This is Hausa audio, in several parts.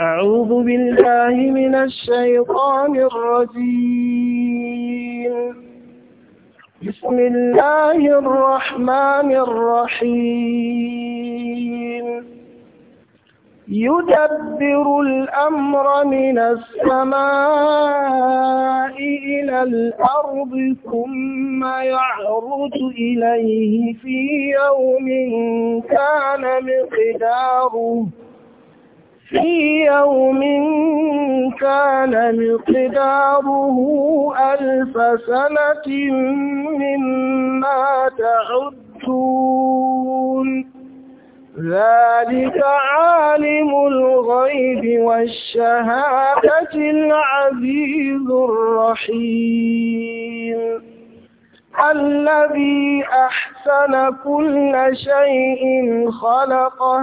أعوذ بالله من الشيطان الرجيم بسم الله الرحمن الرحيم يدبر الأمر من السماء إلى الأرض ثم يعرج إليه في يوم كان مقداره في يوم كان مقداره ألف سنة مما تعدون ذلك عالم الغيب والشهادة العزيز الرحيم الذي أحسن كل شيء خلقه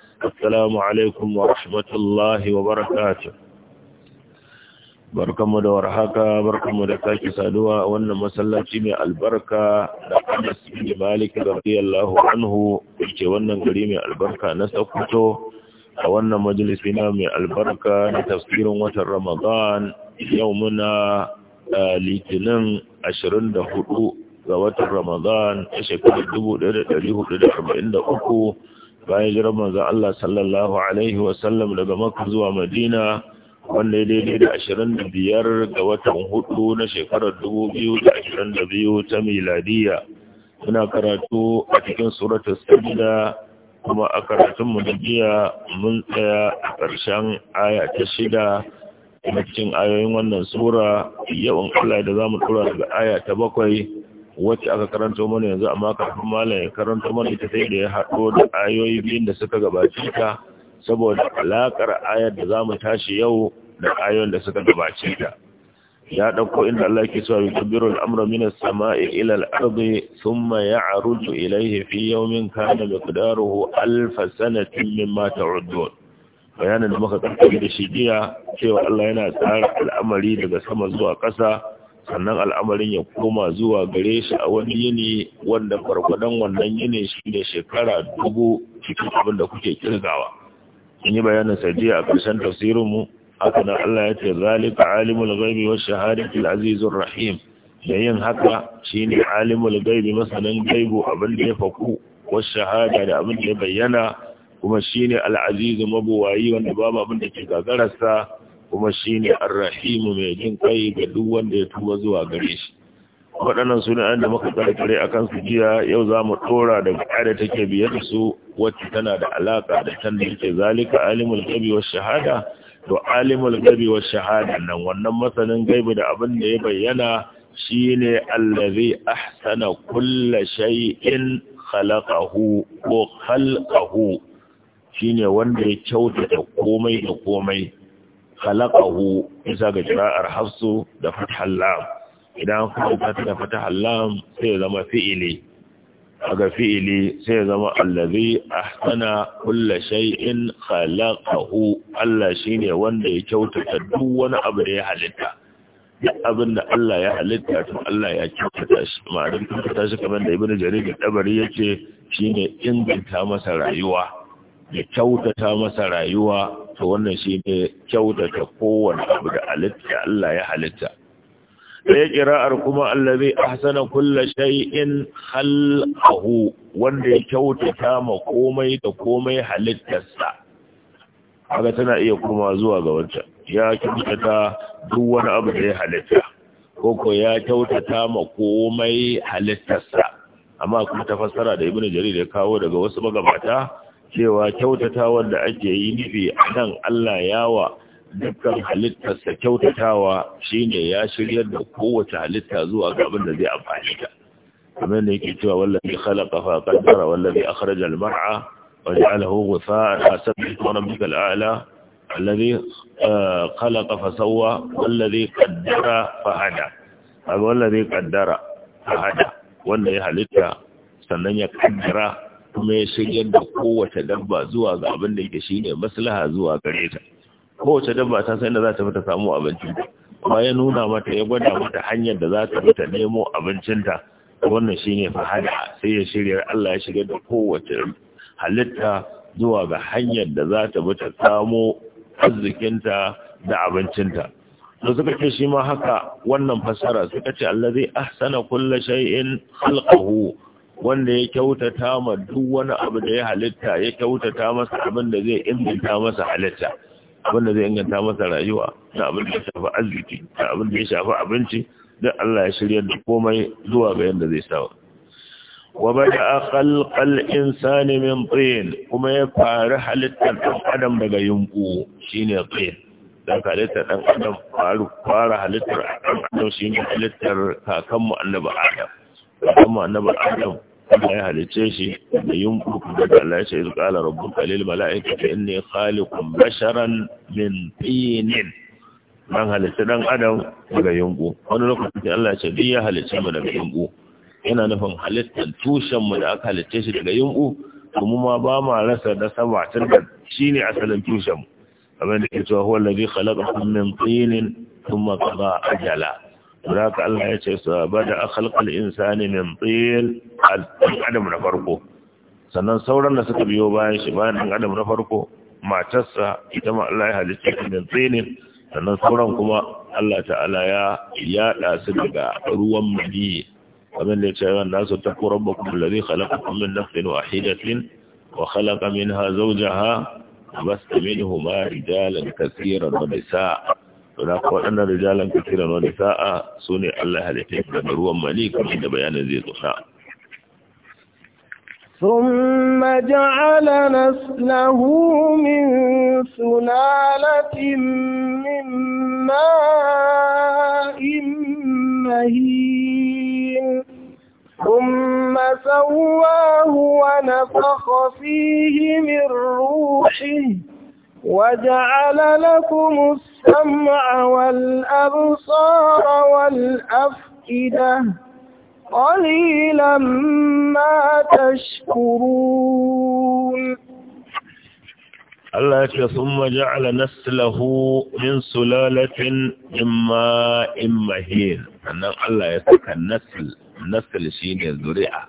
Assalamu alaikum wa rahmatullahi wa barakatuh. Barkanmu da warhaka, barkamu da sake saduwa a wannan masallaci mai albarka da Anas bin Malik radiyallahu anhu yake wannan gari mai albarka na Sokoto a wannan majalisi na mai albarka na tafsirin watan Ramadan yau muna Litinin 24 ga watan Ramadan a shekarar 1443 bayan jiran za' Allah sallallahu alaihi wasallam daga maka zuwa Madina wanda ya daidai da ashirin da biyar ga watan hudu na shekarar dubu biyu da ashirin da biyu ta miladiya muna karatu a cikin suratul sajda kuma a karatun mu da jiya mun tsaya a ƙarshen aya ta shida a cikin ayoyin wannan sura yawan Allah da za mu tura daga aya ta bakwai wacce aka karanto mana yanzu amma kafin malam ya karanto mana ita sai da ya haɗo da ayoyi biyun da suka gabace ta saboda alaƙar ayar da za mu tashi yau da ayoyin da suka gabace ta ya ɗauko inda Allah ke cewa yukabiru al'amra min as-sama'i ila al-ardi thumma ya'rudu ilayhi fi yawmin kana miqdaruhu alf sanatin mimma ta'udun bayanin da muka da shi jiya cewa Allah yana tsara al'amari daga sama zuwa ƙasa sannan al'amarin ya koma zuwa gare shi a wani yini wanda farkwadon wannan yini shi ne shekara dubu cikin abin da kuke kirgawa in yi bayanin sadiya a ƙarshen tafsirinmu haka nan Allah ya ce zalika alimul ghaibi wa shahadatul azizur rahim da yin haka shine alimul ghaibi masanin gaibu abin da ya faku wa shahada da abin da ya bayyana kuma shine al azizu mabuwayi wanda babu abin da ke gagararsa kuma shine ar-rahimu mai jin kai ga duk wanda ya tuba zuwa gare shi waɗannan suna da muka ƙarƙare a kansu jiya yau za mu tora da da take biye da su wacce tana da alaƙa da can da yake zalika alimul gabi wa shahada to alimul gabi wa shahada nan wannan masanin gaibi da abin da ya bayyana shi shine allazi ahsana kulla shay'in khalaqahu ko khalqahu shine wanda ya kyautata komai da komai khalaqahu sa ga jiraar hafsu da fathal lam idan kuma ta da fathal lam sai zama fi'ili aga fi'ili sai zama allazi ahsana kulli shay'in khalaqahu Allah shine wanda ya kyautata duk wani abu da ya halitta duk abin da Allah ya halitta to Allah ya kyautata shi ma'anar kyautata shi kamar da ibnu jarir da tabari yace shine inganta masa rayuwa ya kyautata masa rayuwa to wannan shi ne kyautata kowane abu da halitta Allah ya halitta Sai ƙira'ar kuma allazi ahsana kulla shay'in khalqahu wanda ya kyautata ma komai da komai halittarsa haka tana iya kuma zuwa ga wancan ya kyautata duk wani abu da ya halitta koko ya kyautata ma komai halittarsa amma kuma ta fassara da ibnu jarir ya kawo daga wasu magabata cewa kyautata wanda ake yi nufi a nan Allah yawa dukkan halittarsa kyautatawa shine ya shiryar da kowace halitta zuwa ga abin da zai amfani ta kamar da yake cewa wallahi khalaqa fa qaddara wallahi akhraja al-mar'a wa ja'alahu ghufaan hasbi rabbika al-a'la alladhi uh, khalaqa fa sawwa wallahi qaddara fa hada wallahi qaddara fa hada wanda ya halitta sannan ya kaddara kuma ya shigar da kowace dabba zuwa ga abin da yake shine maslaha zuwa gare ta kowace dabba ta san da za ta fita samu abinci kuma ya nuna mata ya gwada mata hanyar da za ta fita nemo abincinta wannan shine fahada sai ya shirya Allah ya shigar da kowace halitta zuwa ga hanyar da za ta bi ta samo arzikinta da abincinta da suka ce shi ma haka wannan fasara suka ce Allah zai ahsana kullu shay'in khalqahu wanda ya kyautata ma duk wani abu da ya halitta ya kyautata masa abin da zai inganta masa halitta abin da zai inganta masa rayuwa da abin da ya shafi arziki da abin da ya shafi abinci duk Allah ya shirya da komai zuwa ga yadda zai sawa wa bada khalqal insani min tin kuma ya fara halittar dan adam daga yunku shine tin dan halittar dan adam faru fara halittar dan adam shine halittar mu annabi adam mu annabi adam Allah ya halice shi da yumbu da Allah ya ce ƙala, qala rabbuka lil mala'ikati inni khaliqun basharan min tinin man halitta ɗan adam daga yumbu wani lokaci Allah ya ce duk ya halice mu daga yumbu yana nufin halittar tushen mu da aka halice shi daga yumbu kuma ma ba ma rasa da sama tun da ne asalin tushen mu kamar da ke cewa huwa alladhi khalaqakum min tinin thumma qada ajala Zaka Allah ya ce su bada da akhalqal insani min tin adam na farko sannan sauran da suka biyo bayan shi bayan dan adam na farko matarsa ita ma Allah ya halitta ta min tin sannan sauran kuma Allah ta'ala ya yada su daga ruwan madi kamar da ya ran nasu ta rabbakum alladhi khalaqakum min nafsin wahidatin wa khalaqa minha zawjaha وبث منهما رجالا كثيرا ونساء ونقول أن رجالا كثيرا ونساء صنع الله لحكمة مروا مليكا عند بيان ذي الضحى ثم جعل نسله من سلالة من ماء مهين ثم سواه ونفخ فيه من روحه وجعل لكم السمع والأبصار والأفئدة قليلا ما تشكرون الله ثم جعل نسله من سلالة إما إما هين أن الله يسكى النسل النسل شيني الزريعة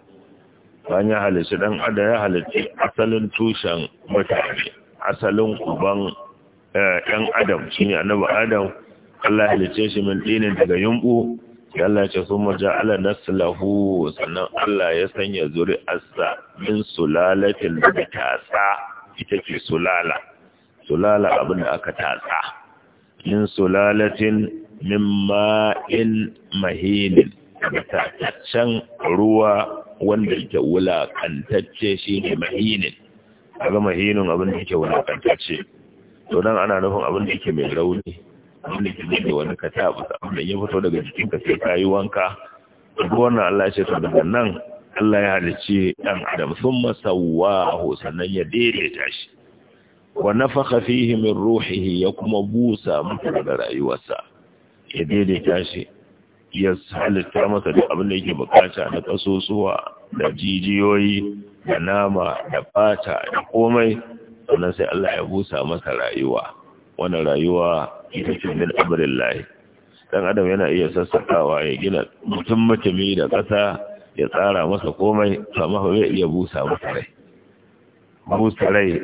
فأنا هل شدن أدى هل أصل توشن متعبين asalin uban ɗan eh, adam ne annabi adam Allah ya halice shi min dinin daga yumbu ya Allah ce sun maja'ala naslahu sannan Allah ya sanya zuri'arsa min sulalatin da tatsa ita ce sulala sulala abin da aka tatsa min sulalatin min ma'in mahinin da ruwa wanda ke wulakantacce shi ne mahinin a gama hinin abin da yake wani kantace to nan ana nufin abin da yake mai rauni abin da yake mai wani kata abin da ya fito daga jikin ka sai kayi wanka duk wannan Allah ya ce to daga nan Allah ya halicci dan adam summa sawwahu sannan ya daidaita shi wa nafakha fihi min ruhihi ya kuma busa masa da rayuwarsa ya daidaita shi ya halitta masa duk abin da yake bukata na kasusuwa da jijiyoyi da nama da fata da komai sannan sai Allah ya busa masa rayuwa wannan rayuwa ita ce min amrillahi dan adam yana iya sassakawa ya gina mutum mutumi da ƙasa ya tsara masa komai amma ba zai iya busa masa rai busa rai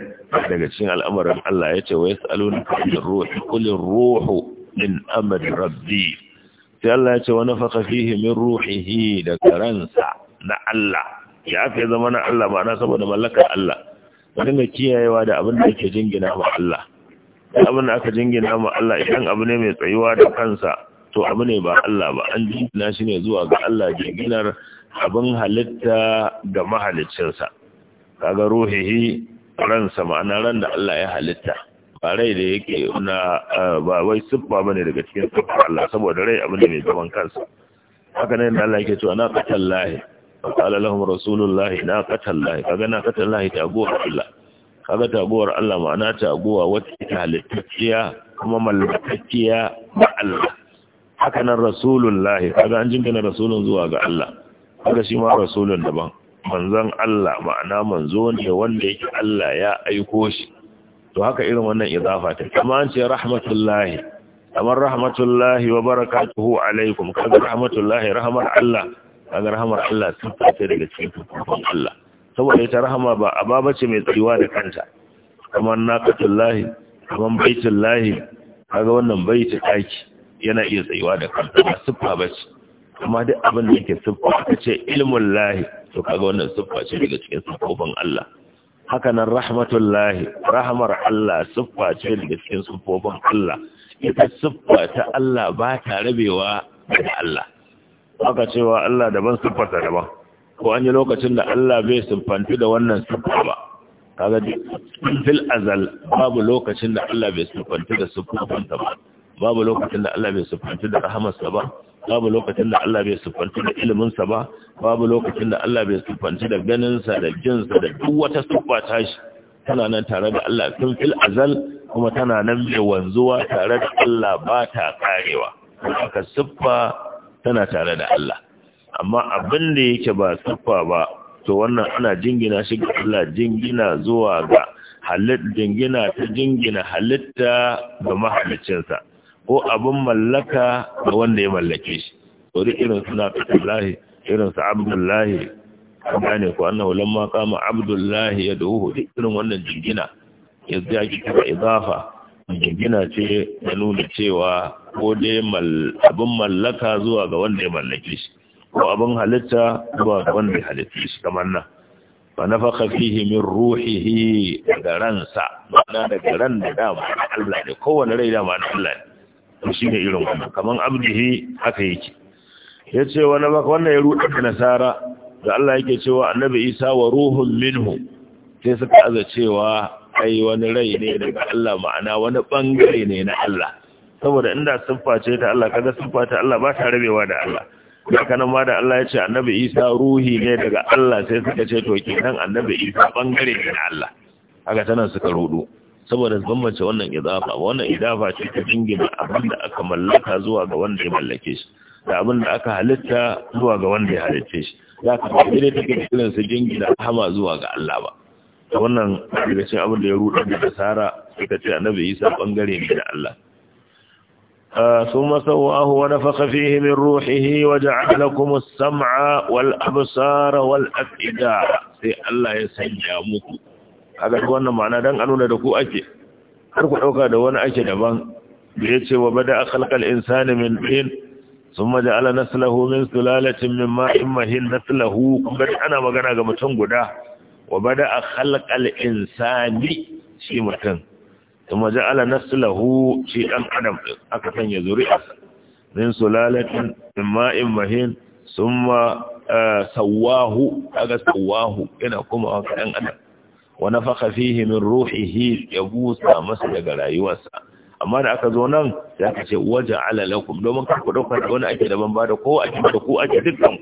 daga cikin al'amarin Allah ya ce wa yas'alunaka anir ruhi qul ruhu min amri rabbi sai Allah ya ce wa nafakha fihi min ruhihi da karansa na Allah ya aka zama na Allah ba na saboda mallakar Allah ka dinga kiyayewa da abin da yake jingina ma Allah da abin da aka jingina ma Allah idan abu ne mai tsayuwa da kansa to abu ne ba Allah ba an jingina shi ne zuwa ga Allah jinginar abin halitta ga mahaliccinsa kaga ruhihi ransa ma'ana ran da Allah ya halitta ba rai da yake na ba wai siffa bane daga cikin siffa Allah saboda rai abu ne mai zaman kansa haka ne da Allah yake cewa na qatallahi qala lahum rasulullahi naqatallahi kaga naqatallahi taguwar Allah kaga taguwar Allah ma'ana taguwa wacce ta kuma mallakacciya ga Allah haka nan rasulullahi kaga an jingina rasulun zuwa ga Allah kaga shi ma rasulun daban manzon Allah ma'ana manzo ne wanda yake Allah ya aiko shi to haka irin wannan idafa ta kuma an ce rahmatullahi kamar rahmatullahi wa barakatuhu alaikum kaga rahmatullahi rahmar Allah kaga rahamar Allah sun ce daga cikin tufafin Allah saboda ita rahama ba a ba ce mai tsayuwa da kanta kamar naqatul lahi kamar baitul lahi kaga wannan baiti daki yana iya tsayuwa da kanta ba siffa bace kuma duk abin da yake siffa kace ilmul lahi to kaga wannan siffa ce daga cikin siffofin Allah haka nan rahmatul lahi rahamar Allah siffa ce daga cikin siffofin Allah ita siffa ta Allah ba ta rabewa da Allah aka cewa Allah daban siffarsa daban ko an yi lokacin da Allah bai siffantu da wannan siffa ba kaga fil azal babu lokacin da Allah bai siffantu da siffanta ba babu lokacin da Allah bai siffantu da rahamarsa ba babu lokacin da Allah bai siffantu da iliminsa ba babu lokacin da Allah bai siffantu da ganinsa da jinsa da duk wata siffa ta shi tana nan tare da Allah tun fil azal kuma tana nan mai wanzuwa tare da Allah ba ta karewa haka siffa tana tare da Allah amma abin da yake ba tsaffa ba to wannan ana jingina shi ga Allah jingina zuwa ga halitta, jingina ta jingina halitta ga mahaliccinsa ko abin mallaka ga wanda ya mallake shi wani irin suna fitallahi irin su abdullahi gane ko annahu lamma kama abdullahi ya duk irin wannan jingina yadda yake kira idafa gina ce ya nuna cewa ko dai abin mallaka zuwa ga wanda ya mallake shi ko abin halitta zuwa ga wanda ya halitta shi kamar nan fa faka fihi min ruhihi daga ransa ma'ana daga ran da dama Allah ne kowane rai dama da Allah ne shi ne irin wannan kamar abdihi haka yake ya ce wani baka wannan ya ruɗa da nasara da Allah yake cewa annabi isa wa ruhun minhu sai suka aza cewa ai wani rai ne daga Allah ma'ana wani bangare ne na Allah saboda inda siffa ce ta Allah kaga siffa ta Allah ba ta rabewa da Allah haka nan ma da Allah ya ce annabi Isa ruhi ne daga Allah sai suka ce to kenan annabi Isa bangare ne na Allah haka tana suka rudu saboda bambance wannan idafa wannan idafa ce ta dingin abin da aka mallaka zuwa ga wanda ya mallake shi da abin da aka halitta zuwa ga wanda ya halitta shi za ka ba dai take irin su dingina hama zuwa ga Allah ba wannan daga cikin abin da ya ruɗa da nasara suka ce annabi isa bangare ne da Allah ثم سواه ونفخ فيه من روحه وجعل لكم السمع والأبصار والأفئدة sai Allah ya sanya muku kaga wannan ma'ana dan an nuna da ku ake har ku dauka da wani ake daban da yace wa bada khalqal insani min tin thumma ja'ala naslahu min sulalatin min ma'in mahin naslahu kuma ana magana ga mutum guda wa bada a khalqal insani shi mutum kuma ja'ala naslahu shi ɗan adam aka sanya zuri'arsa min sulalatin min ma'in mahin summa eh, sawahu kaga sawahu yana kuma haka dan adam wa nafakha fihi min ruhihi yabusa masa daga rayuwarsa amma da aka zo nan ya ka ce waje alalakun domin karku daukar da wani ake daban ba da ko ake da ku ake dukkan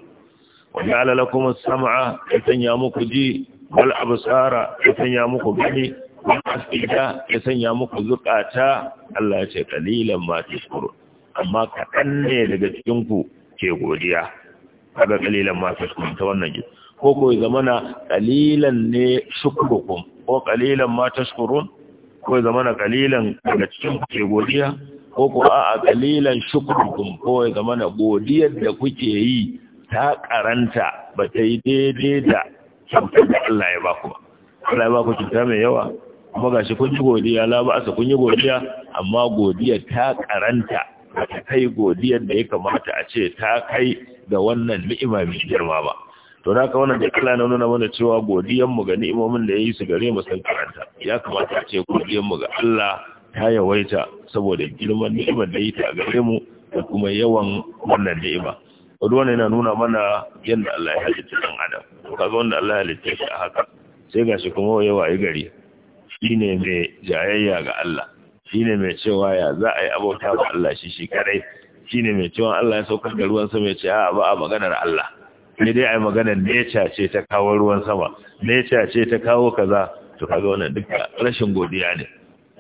waje alalakun sama'a ya sanya muku ji wal absara ya sanya muku gani wal afida ya sanya muku zukata Allah ya ce qalilan ma tashkuru amma kaɗan ne daga cikin ku ke godiya kaga qalilan ma tashkuru ta wannan ji ko ko zamana qalilan ne shukrukum ko qalilan ma tashkurun ko zamana qalilan daga cikin ku ke godiya ko ko a qalilan shukrukum ko zamana godiyar da kuke yi ta karanta ba ta yi daidai da kyautar da Allah ya baku ba Allah ya baku kyauta mai yawa kuma gashi kun yi godiya la ba asa kun yi godiya amma godiya ta karanta ta kai godiyar da ya kamata a ce ta kai da wannan ni'ima mai girma ba to da ka wannan da Allah na nuna mana cewa godiyar mu ga ni'imomin da yayi su gare mu sun karanta ya kamata a ce godiyar mu ga Allah ta yawaita saboda girman ni'imar da yi ta gare mu da kuma yawan wannan ni'ima wadda wannan yana nuna mana yadda Allah ya halitta ɗan adam to kaga wanda Allah ya halitta shi a haka sai gashi kuma ya wayi gari shine mai jayayya ga Allah shine mai cewa ya za a yi abota ga Allah shi shi kadai shine mai cewa Allah ya saukar da ruwan sama ya ce a ba a maganar Allah sai dai ai maganar nature ce ta kawo ruwan sama nature ce ta kawo kaza to kaga wannan duka rashin godiya ne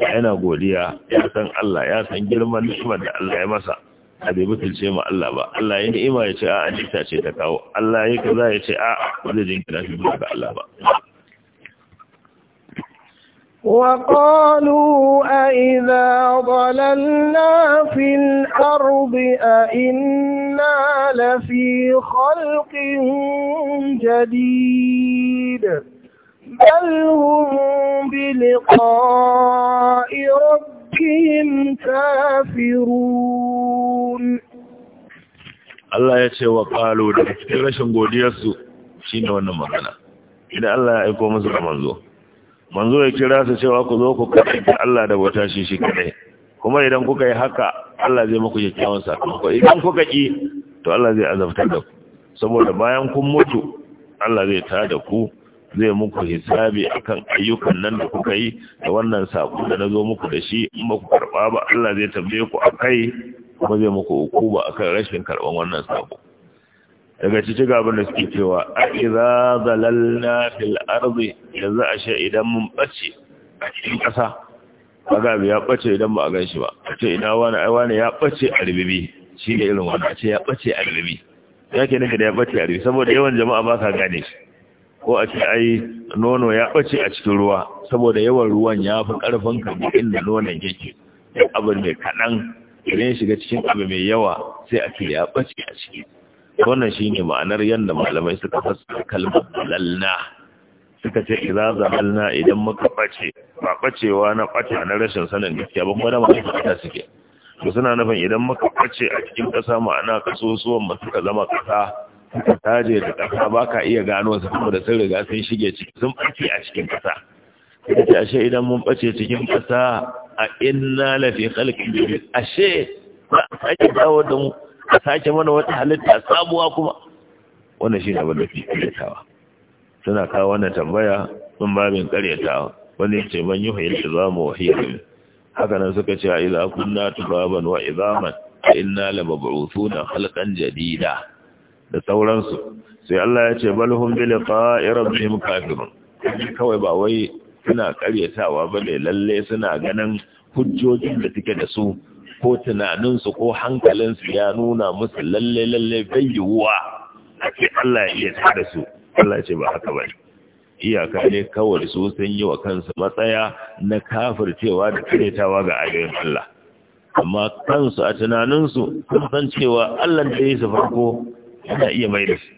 yana godiya ya san Allah ya san girman ni'imar da Allah ya masa a bai butulce ma Allah ba Allah ya ni'ima ya ce a ajita ce ta kawo Allah ya kaza ya ce a wanda jinkira shi ba ga Allah ba وقالوا أئذا ضللنا في الأرض أئنا لفي خلق جديد بل هم بلقاء ربهم rabbihim kafirun Allah ya ce wa qalu da cikin rashin godiyarsu shine wannan magana idan Allah ya aika musu da manzo manzo ya kira su cewa ku zo ku kaɗaita Allah da bauta shi shi kaɗai kuma idan kuka yi haka Allah zai muku kyakkyawan sakamako idan kuka ƙi to Allah zai azabtar da ku saboda bayan kun mutu Allah zai tada ku zai muku hisabi akan ayyukan nan da kuka yi da wannan sako da na zo muku da shi in ba ku karɓa ba Allah zai tambaye ku a kai kuma zai muku hukuma akan rashin karɓan wannan sako daga cikin abin da suke cewa a iza zalalna fil arzi yanzu a sha idan mun bace a cikin ƙasa aga ya bace idan ba a gan shi ba a ce ina wani ai wani ya bace a ribibi shi ne irin wani a ce ya bace a ribibi ya ke nika da ya bace a ribibi saboda yawan jama'a ba sa gane shi ko a ce ai nono ya bace a cikin ruwa saboda yawan ruwan ya fi ƙarfin ka inda nonon yake abu mai kaɗan idan shiga cikin abu mai yawa sai a ce ya ɓace a ciki wannan shine ma'anar yadda malamai suka fassara kalmar "lalna" suka ce idza zalalna idan muka ɓace ba ɓacewa na bace na rashin sanin gaskiya ba kuma da ma'aikata suke to suna nufin idan muka bace a cikin ƙasa ma'ana kaso suwan mu suka zama kasa suka taje da ƙasa ba ka iya gano su da sun riga sun shige ciki sun ɓace a cikin ƙasa ita ce ashe idan mun ɓace cikin ƙasa a inna lafi halkin jirgin ashe ba a sake dawo da mu a sake mana wata halitta sabuwa kuma wannan shi ne abin da fi karyatawa suna kawo wannan tambaya sun babin karyatawa wani ce ban yi hayar da zamu wahiyar haka nan suka ce a ila kunna turaban wa izaman inna la na khalqan jadida da sauransu sai Allah ya ce balhum bi liqa'i rabbihim kafirun kawai ba wai suna karyatawa ba ne lalle suna ganin hujjojin da take da su ko tunaninsu ko hankalinsu ya nuna musu lalle lalle bai yiwuwa Allah ya iya da su Allah ce ba haka ba iyaka ne kawai su sun yi wa kansu matsaya na kafircewa da karyatawa ga ayoyin Allah amma kansu a tunaninsu sun san cewa Allah da ya su farko yana iya mai da shi.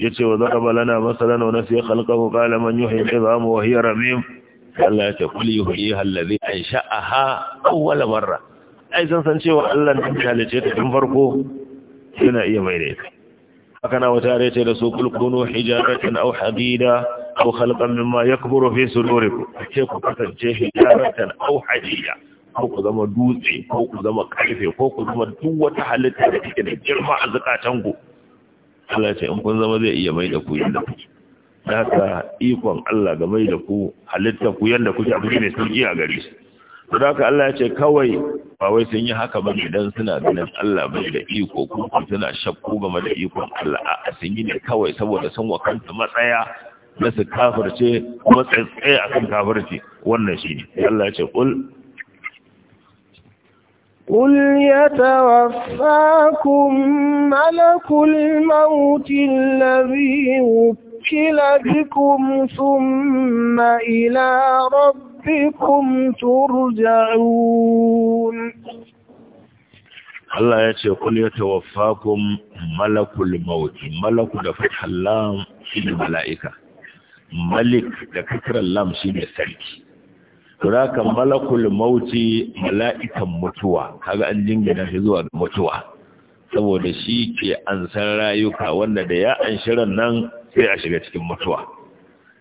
ya ce wa zaraba lana masalana wa nasiya khalqahu qala man yuhyi al-'idham wa hiya ramim Allah ya ce kul yuhyiha allazi ansha'aha awwala marra ai san san cewa Allah ne ya halice ta tun farko yana iya mai da ita haka na wata rai ce da su kul kunu hijaratan aw hadida aw khalqan mimma yakburu fi sudurikum ce ku kasance hijaratan au hadida ko ku zama dutse ko ku zama karfe ko ku zama duk wata halitta da take da girma a zakatan ku Allah ce in kun zama zai iya mai da ku yadda ku. da ka ikon Allah ga mai da ku halitta ku yadda kuke abu ne sun iya gari. su to da Allah ce kawai ba wai sun yi haka ba idan suna ganin Allah bai da iko ko suna shakku game da ikon Allah a sun yi ne kawai saboda sun wakanta matsaya na su kafirce kuma tsaye akan kafirce wannan shi ne Allah ce kul قل يتوفاكم ملك الموت الذي وكل بكم ثم إلى ربكم ترجعون Allah ya ce kul ya tawaffakum malakul maut malaku da fathal lam shi mala'ika malik da kasrar lam shi ne sarki turaka malakul mauti mala'ikan mutuwa kaga an jingina shi zuwa mutuwa saboda shi ke an san rayuka wanda da ya an shirin nan sai a shiga cikin mutuwa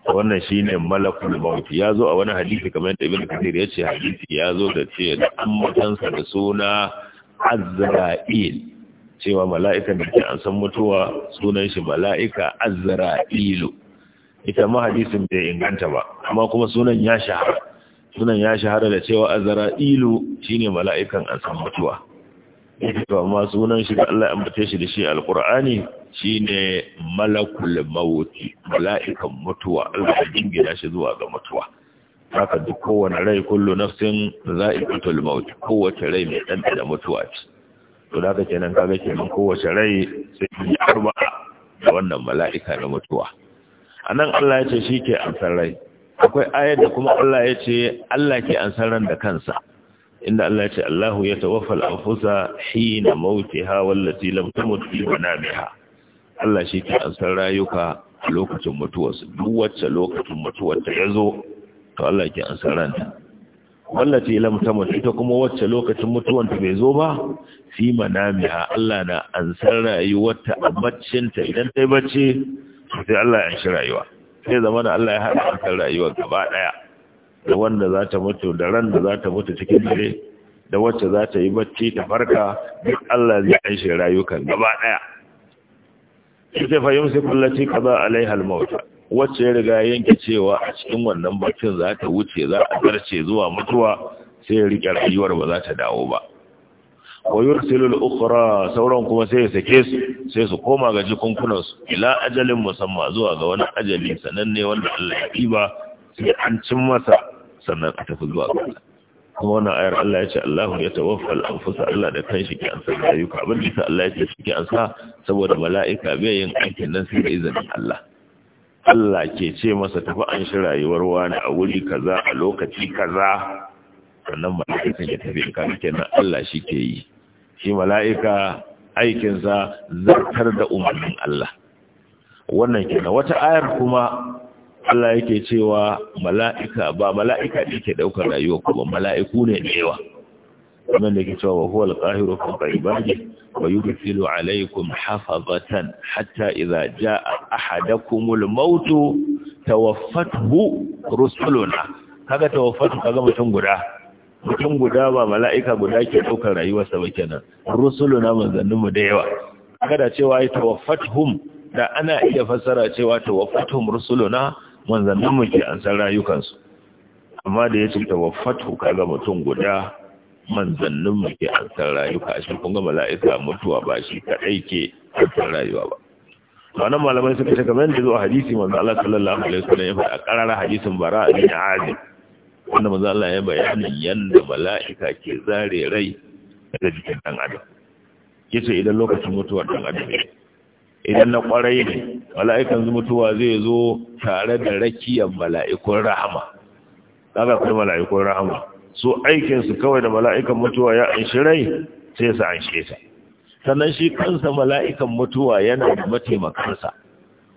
wannan shine malakul mauti ya zo a wani hadisi kamar da ibn kathir ya ce hadisi ya zo da ce da ammatansa da suna azra'il cewa mala'ika da ke an san mutuwa sunan shi mala'ika azra'ilu ita ma hadisin bai inganta ba amma kuma sunan ya shahara sunan ya shahara da cewa azra'ilu shine mala'ikan asan mutuwa to amma sunan shi da Allah ambace shi da shi alqur'ani shine malakul maut mala'ikan mutuwa Allah ya shi zuwa ga mutuwa haka duk kowane rai kullu nafsin za'iqatul maut kowace rai mai dan da mutuwa ce to da kake nan kaga kenan kowace rai sai ya arba da wannan mala'ika na mutuwa anan Allah ya ce shi ke amsar rai akwai ayar da kuma Allah ya ce Allah ke an san ran da kansa inda Allah ya ce Allahu ya al anfusa hina mautiha wallati lam tamut fi manamiha Allah shi ke an san rayuka a lokacin su duk wacce lokacin mutuwa ya zo to Allah ke an san ranta wallati lam tamut ita kuma wacce lokacin ta bai zo ba fi manamiha Allah na ansar rayuwarta a ta idan ta yi bacci sai Allah ya shi rayuwa sai zama da Allah ya haɗa kan rayuwar gaba ɗaya da wanda za ta mutu da ran da za ta mutu cikin dare da wacce za ta yi bacci ta farka duk Allah zai aishe rayukan gaba ɗaya sai fa yumsiku allati qada alaiha al wacce ya riga yanke cewa a cikin wannan baccin za ta wuce za a zarce zuwa mutuwa sai ya riƙe rayuwar ba za ta dawo ba wa yursilul ukhra sauran kuma sai ya sake su sai su koma ga jikunkunansu, su ila ajalin musamma zuwa ga wani ajali sananne wanda Allah ya diba sai an cin masa sannan a tafi zuwa ga Allah kuma wannan ayar Allah ya ce Allahu ya tawaffa al-anfusa Allah da shi ke an san ayyuka abin da Allah ya ce shi ke an sa saboda mala'ika bai yin aikin nan sai da izinin Allah Allah ke ce masa tafi an shi rayuwar wani a wuri kaza a lokaci kaza sannan mala'ikan ya tafi kan kenan Allah shi ke yi shi mala'ika aikinsa zartar da umarnin Allah wannan kenan wata ayar kuma Allah yake cewa mala'ika ba mala'ika ne ke ɗaukar rayuwa kuma mala'iku ne da yawa kamar da ke cewa wa huwa al-qahiru fawqa ibadihi wa alaikun hafa hafazatan hatta idza jaa ahadakumul maut bu rusuluna kaga ka kaga mutum guda mutum guda ba mala'ika guda ke ɗaukar rayuwarsa ba kenan rusulu na manzanninmu da yawa aka da cewa ya tawaffatuhum da ana iya fassara cewa tawaffatuhum rusulu na manzanninmu ke ansar rayukansu amma da ya ce tawaffatu kaga mutum guda manzanninmu ke ansar rayuka shi kun ga mala'ika mutuwa ba shi kaɗai ke ansar rayuwa ba wannan malamai suka ce kamar yadda zuwa hadisi manzo Allah sallallahu alaihi wasallam ya faɗa ƙarar hadisin bara bin azib wanda maza Allah ya bayanin yadda mala'ika ke zare rai daga jikin ɗan adam ce idan lokacin mutuwar ɗan adam idan na kwarai ne mala'ikan mutuwa zai zo tare da rakiyar mala'ikun rahama kaga kuma mala'ikun rahama su aikinsu kawai da mala'ikan mutuwa ya anshi rai sai su an ta sannan shi kansa mala'ikan mutuwa yana da mataimakansa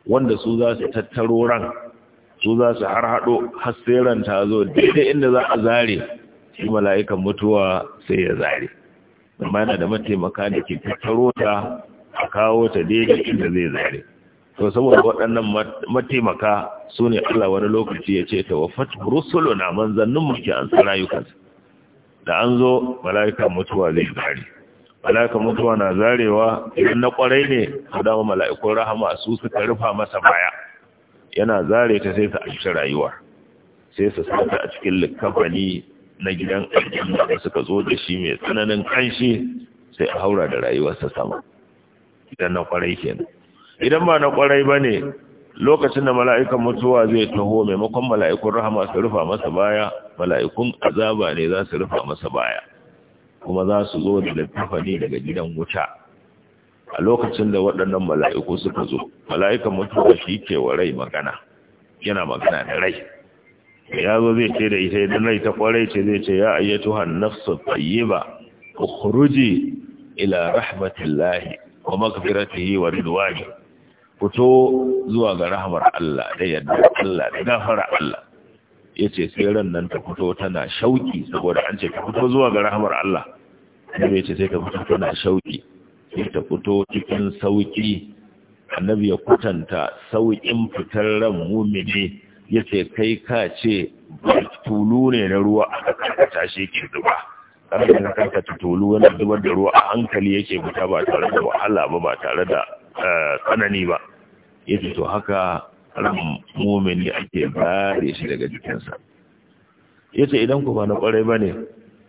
wanda su za su tattaro ran su za su har haɗo hasiran ta zo daidai inda za a zare shi mala'ikan mutuwa sai ya zare amma yana da mataimaka da ke tattaro ta a kawo ta daidai inda zai zare to saboda waɗannan mataimaka su ne Allah wani lokaci ya ce ta wafat na manzannin mulki an san rayukansu da an zo mala'ikan mutuwa zai zare mala'ikan mutuwa na zarewa idan na kwarai ne su dama mala'ikun rahama su suka rufa masa baya yana zare ta sai ta amshi rayuwar sai su sata a cikin likafani na gidan aljanna da suka zo da shi mai tsananin kanshi sai a haura da rayuwarsa sama idan na kwarai kenan idan ba na kwarai ba ne lokacin da mala'ikan mutuwa zai taho maimakon mala'ikun rahama su rufa masa baya mala'ikun azaba ne za su rufa masa baya kuma za su zo da littafani daga gidan wuta a lokacin da waɗannan mala'iku suka zo mala'ikan mutuwa shi ke wa rai magana yana magana da rai ya zo zai ce da ita idan rai ta kwarai ce zai ce ya ayyatu ba, ku ukhruji ila rahmatillahi ta yi wa ridwani fito zuwa ga rahamar Allah da yadda Allah da gafara Allah Ya sai Tseren nan ta fito tana shauki saboda an ce ta fito zuwa ga rahmar Allah ya ce sai ta fito tana shauki sai ta fito cikin sauki annabi ya kutanta saukin fitar ran mumini ya ce kai ka ce tulu ne na ruwa aka karkata shi ke zuba ƙarfin karkata tulu yana zubar da ruwa a hankali yake fita ba tare da wahala ba ba tare da eh, tsanani ba ya ce to haka ran mumini ake bare shi daga jikinsa ya ce idan ku ba na ƙwarai ba ne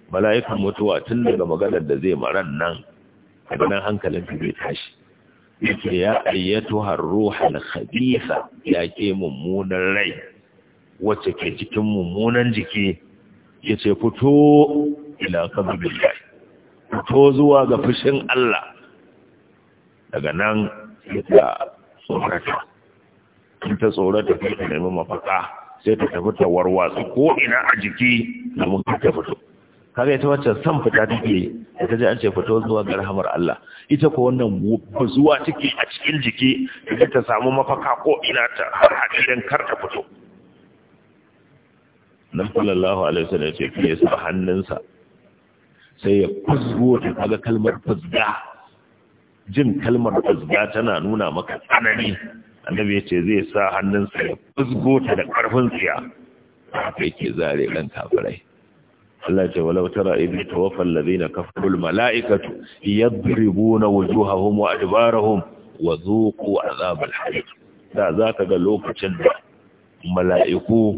mala'ikan mutuwa tun daga maganar da zai maran nan daga hankalin ta bai tashi yake ya ayyatu harruhal khabisa ya ke mummunan rai wacce ke cikin mummunan jiki yace fito ila kabillahi fito zuwa ga fushin Allah daga nan ta tsorata in ta tsorata ta nemi mafaka sai ta tafi ta warwatsu ko ina a jiki da mun ta fito kaga ita wacce san fita take ita ji an ce fito zuwa ga rahamar Allah ita ko wannan zuwa take a cikin jiki da ta samu mafaka ko ina ta har hadidan kar ta fito nan sallallahu alaihi wasallam ce ki yasa hannunsa sai ya kuzgo ta kaga kalmar fazga jin kalmar fazga tana nuna maka tsanani annabi ya ce zai sa hannunsa ya kuzgo ta da karfin tsiya haka yake zare dan kafirai Allah ce walau tara idh tawaffa alladhina kafaru almalaikatu yadribuna wujuhahum wa adbarahum wa dhuqu azab alhariq da zaka ga lokacin da mala'iku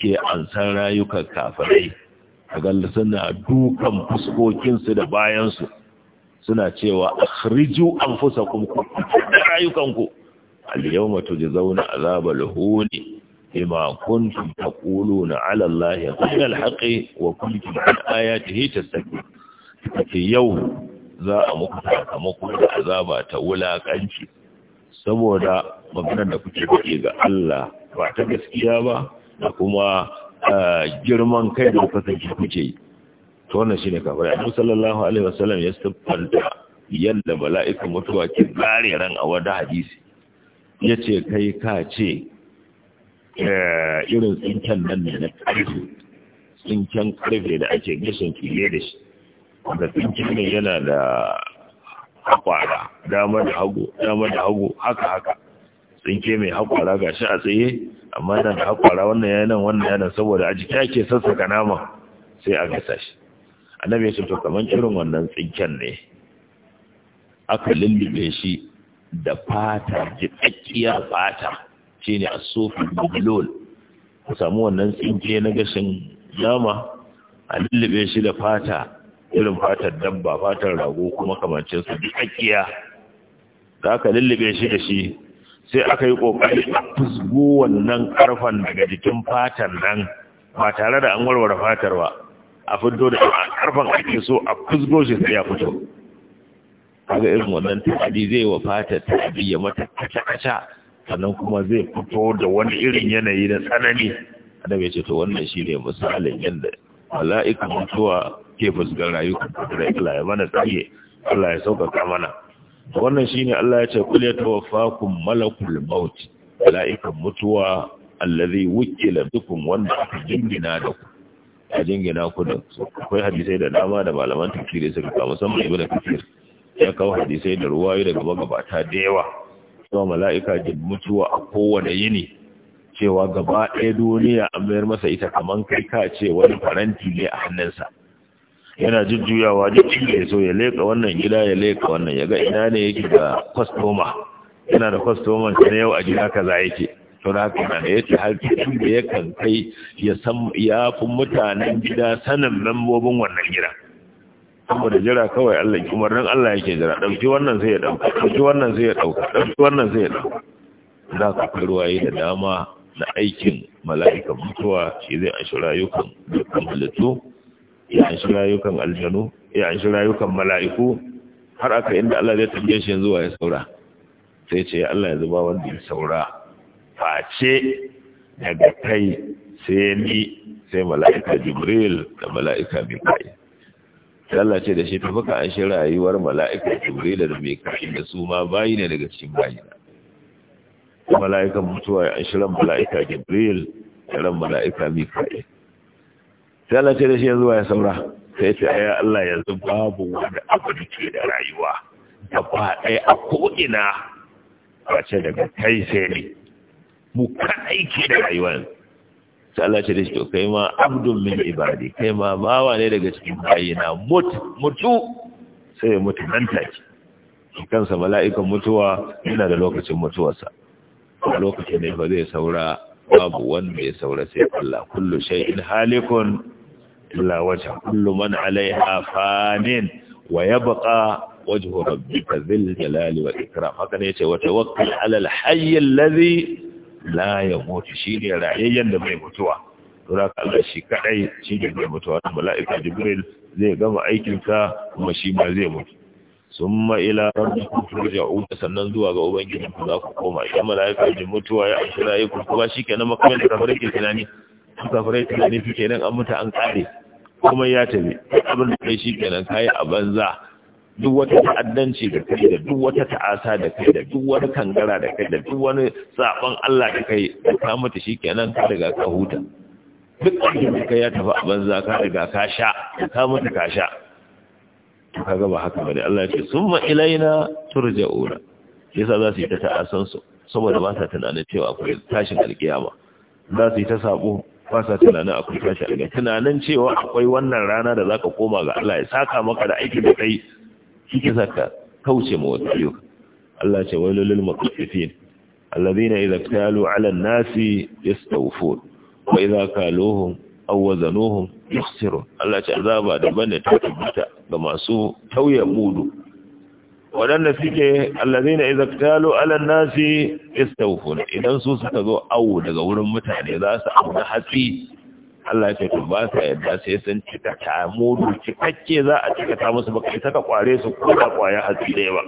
ke ansan rayukan kafirai kaga suna dukan fuskokinsu da bayansu. suna cewa akhriju anfusakum ku rayukanku al yawma tujzauna azab alhuni بما كنتم تقولون على الله غير الحق وكنتم عن آياته ke. في يوم za a muku sakamako da azaba ta wulakanci saboda maganar da kuke kuke ga Allah ba ta gaskiya ba da kuma girman kai da kasance kuke yi to wannan shine kafara Annabi sallallahu alaihi ya siffanta yadda bala'ika mutuwa ke gare ran a wada hadisi yace kai ka ce irin tsinken nan ne na ƙarfe tsinken ƙarfe da ake gishin fiye da shi wanda tsinken ne yana da haƙwara dama da hagu dama da hagu haka haka tsinke mai haƙwara ga shi a tsaye amma yana da haƙwara wannan yana wannan yana saboda a jiki ake sassaka nama sai a gasa shi annabi ya ce to kamar irin wannan tsinken ne aka lullube shi da fata jiƙaƙƙiyar fata ne a sufi bilol ku samu wannan tsinke na gashin nama a lullube shi da fata irin fatar dabba fatar rago kuma kamancin su akiya da aka lullube shi da shi sai aka yi kokari a fusgo wannan karfan daga jikin fatar nan ba tare da an warware fatar ba a fito da karfan ake so a fusgo shi sai ya fito kaga irin wannan ta'adi zai wa fatar ta ya mata kaca kaca sannan kuma zai fito da wani irin yanayi na tsanani annabi ya ce to wannan shine misalin yanda mala'ika mutuwa ke fuskar rayuka da Allah ya mana tsaye Allah ya sauƙaƙa mana wannan shine Allah ya ce kul ya tawaffakum malakul maut mala'ikan mutuwa allazi wukila bikum wanda aka jingina da ku a jingina ku da akwai hadisai da dama da malaman tafsiri suka kawo musamman ibnu kathir ya kawo hadisai da ruwayoyi daga magabata da yawa cewa mala'ika ke mutuwa a kowane yini cewa gaba ɗaya duniya an mayar masa ita kamar kai ka ce wani faranti ne a hannunsa yana jujjuyawa duk inda ya so ya leƙa wannan gida ya leƙa wannan ya ga ina ne yake da kwastoma yana da kwastoman ta yau a gida kaza yake to da haka yana da ya ce har cikin da ya kan kai ya fi mutanen gida sanin membobin wannan gida saboda jira kawai Allah umarnin Allah yake jira dauki wannan sai ya dauka dauki wannan sai ya dauka dauki wannan sai ya dauka za ka fi ruwaye da dama na aikin mala'ikan mutuwa shi zai an shi rayukan dukkan halittu ya an rayukan aljanu ya an rayukan mala'iku har aka inda Allah zai tambaye shi yanzu wa ya saura sai ce Allah ya zuba wanda ya saura face daga kai sai ni sai mala'ika jibril da mala'ika mikail Allah ce da shi ta baka an shi rayuwar mala'ika Jibril da Mika'il da su ma bayi ne daga cikin bayi mala'ikan mutuwa an shi ran mala'ika Jibril da ran mala'ika Mika'il sai Allah ce da shi yanzu ya saura sai ce ya Allah yanzu babu wanda abu da ke da rayuwa da ba ɗaya a ko'ina a ce daga kai sai ne mu kaɗai ke da rayuwa yanzu sai Allah ce da shi kai ma abdun min ibadi kai ma bawa ne daga cikin bayina mut mutu sai ya mutu nan take kansa mala'ikan mutuwa yana da lokacin mutuwarsa a lokacin ne ba zai saura babu wanda ya saura sai Allah kullu shay'in halikun illa wajha kullu man 'alayha fanin wa yabqa wajhu rabbika dhil jalali wal ikram haka ne yace wa tawakkal 'ala al hayy alladhi la ya mutu shi ne rayayyen da mai mutuwa to da ka Allah shi kadai shi ne mai mutuwa wani mala'ika jibril zai gama ka kuma shi ma zai mutu summa ila rabbikum turja'un sannan zuwa ga ubangiji ku za ku koma idan mala'ika ji mutuwa ya amsa rayukan kuma shikenan makamin da kafirai ke tunani kafirai tunani su kenan an mutu an kare kuma ya tafi abin da kai shikenan kai a banza duk wata ta'addanci da kai da duk wata ta'asa da kai da duk wani kangara da kai da duk wani sabon Allah da kai da ka mutu shikenan ka riga ka huta duk abin da kai ya tafi a banza ka riga ka sha ka mutu ka sha to kaga ba haka bane Allah ya ce summa ilaina turja'una yasa za su yi ta ta'asan su saboda ba sa tunanin cewa akwai tashin alkiyama za su yi ta sabo ba sa tunanin akwai tashin alkiyama tunanin cewa akwai wannan rana da zaka koma ga Allah ya saka maka da aikin da kai shi ke saka kauce mu wata ayyuka Allah ce wai lil maqsifin alladhina idha talu ala an-nasi yastawfun wa idha kaluhum aw wazanuhum yukhsirun Allah ce azaba daban banne ta tabbata ga masu tauye mudu waɗanda suke allazina idha qtalu ala an-nasi istawfuna idan su suka zo awu daga wurin mutane za su auna hatsi Allah ce to ba sa yadda sai sun cika ta mudu cikakke za a cika ta musu baka ita ka kware su ko da kwaya a da ba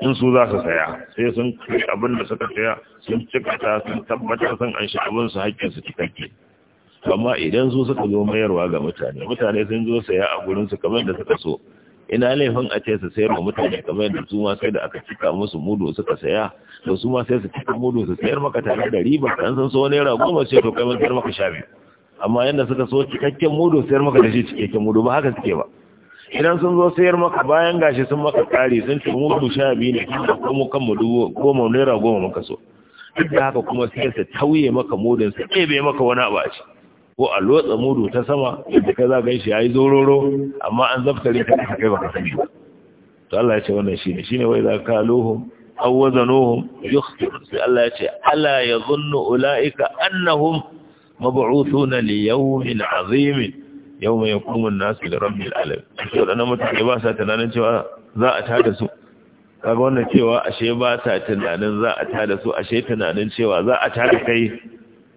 in su za su saya sai sun ci abin da suka saya sun cika ta sun tabbatar sun an shi abin su hakkin su cikakke amma idan su suka zo mayarwa ga mutane mutane sun zo saya a gurin su kamar da suka so ina laifin a ce su sayar wa mutane kamar yadda su ma sai da aka cika musu mudu suka saya to su ma sai su cika mudu su sayar maka tare da riba kan san so naira goma sai to kai mun sayar maka sha biyu amma yadda suka so cikakken mudu sayar maka da shi cikakken mudu ba haka suke ba idan sun zo sayar maka bayan gashi sun maka tsari sun ci mudu sha biyu ne ko mu kan mu dubu goma naira goma maka so duk da haka kuma sai su tauye maka mudun su ɗebe maka wani abu a ciki ko a lotsa mudu ta sama da ka za gan shi ya yi zororo amma an zaftare ka aka kai baka sani ba to Allah ya ce wannan shine shine wai za ka lohum aw wazanuhum yukhti sai Allah ya ce ala yadhunnu ulaika annahum mab'uthuna li yawmin 'azim yawma yaqumu an-nasu li rabbil alam to dan mutane ba sa tunanin cewa za a tada su kaga wannan cewa ashe ba sa tunanin za a tada su ashe tunanin cewa za a tada kai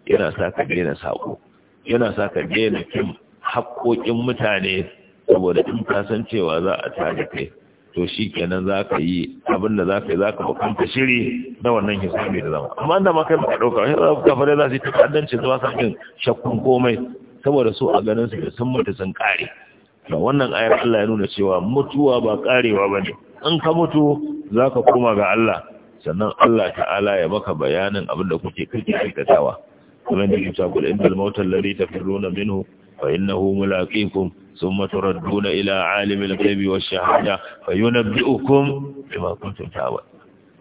yana sa ka daina sako yana sa ka daina kin haƙoƙin mutane saboda in ka san cewa za a tada kai to shi kenan za ka yi abin da za ka yi za ka bukanta shiri na wannan hisabi da zama amma da ma kai baka ɗauka wani za ka fara za su yi ta'addanci zuwa sakin shakkun komai saboda su a ganin su da sun mutu sun kare. da wannan ayar Allah ya nuna cewa mutuwa ba karewa ba ne in ka mutu za ka koma ga Allah sannan Allah ta'ala ya maka bayanin abin da kuke kake kamar da kita kul inda al-mauta alladhi tafirruna minhu fa innahu mulaqikum thumma turadduna ila alim al-ghaibi wash-shahada fa yunabbi'ukum bima kuntum ta'mal